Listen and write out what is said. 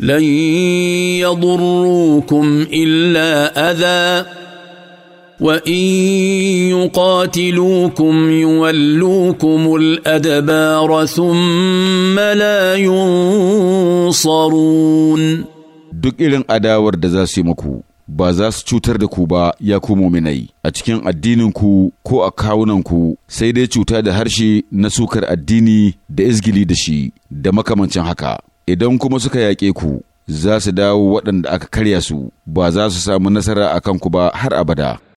لن يضروكم الا اذى وان يقاتلوكم يولوكم الادبار ثم لا ينصرون duk irin adawar da za su yi muku ba za su cutar da ku ba ya ku muminai a cikin addininku ko a kawunanku sai dai cuta da harshe na sukar addini da izgili da shi da makamancin haka idan kuma suka yaƙe ku za su dawo waɗanda aka karya su ba za su samu nasara a kanku ba har abada.